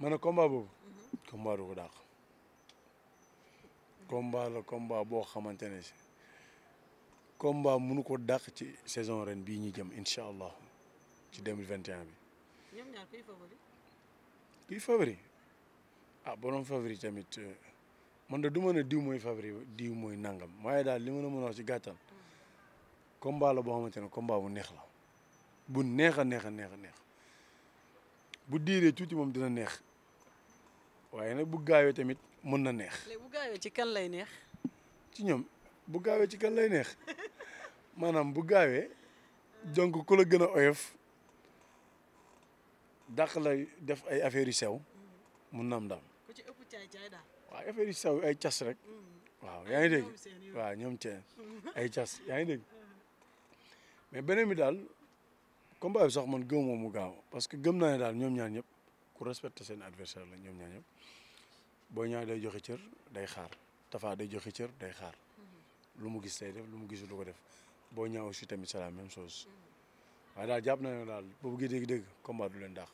mana ne combat boobu. combat du ko la combat boo xamante ne si combat mënu ko dàq ci saison ren bii ñu jëm incha allah ci deux mille vingt un bi. ñoom ñaar kuy favori. kuy favori ah borom tamit euh, man de du ma ne diw mooy favori diw mooy nangam waaye daal li ma a wax ci gàttal. combat la boo xamante ne combat bu neex la. bu neex a neex a neex a neex bu diiree tuuti moom dina neex. waaye nag bu gaawee tamit mën na neex. léegi bu ci kan lay neex. ci ñoom bu gaawee ci kan lay neex maanaam bu gaawee donc ku la gën a oyof dàq lay def ay affaires yu sew mun nam am ku ci ëpp caay caay daal. waaw affaire yu sew ay cas rek. Mm. waaw yaa ngi dégg waaw ñoom seen ay cas yaa ngi dégg mm. mais beneen bi daal combat bi sax man gëmoo mu gaaw parce que gëm naa ne daal ñoom ñaar ñëpp. ku respecté seen adversaire la ñoom ñaa boo Boy day joxe cër day xaar Tapha day joxe cër day xaar mm-hmm. lu mu gis tay def lu mu gisul du ko def boo Niang aussi tamit c'est la même chose mm-hmm. waaye daal jàpp na ne daal boobu gi dégg-dégg combat du leen dàq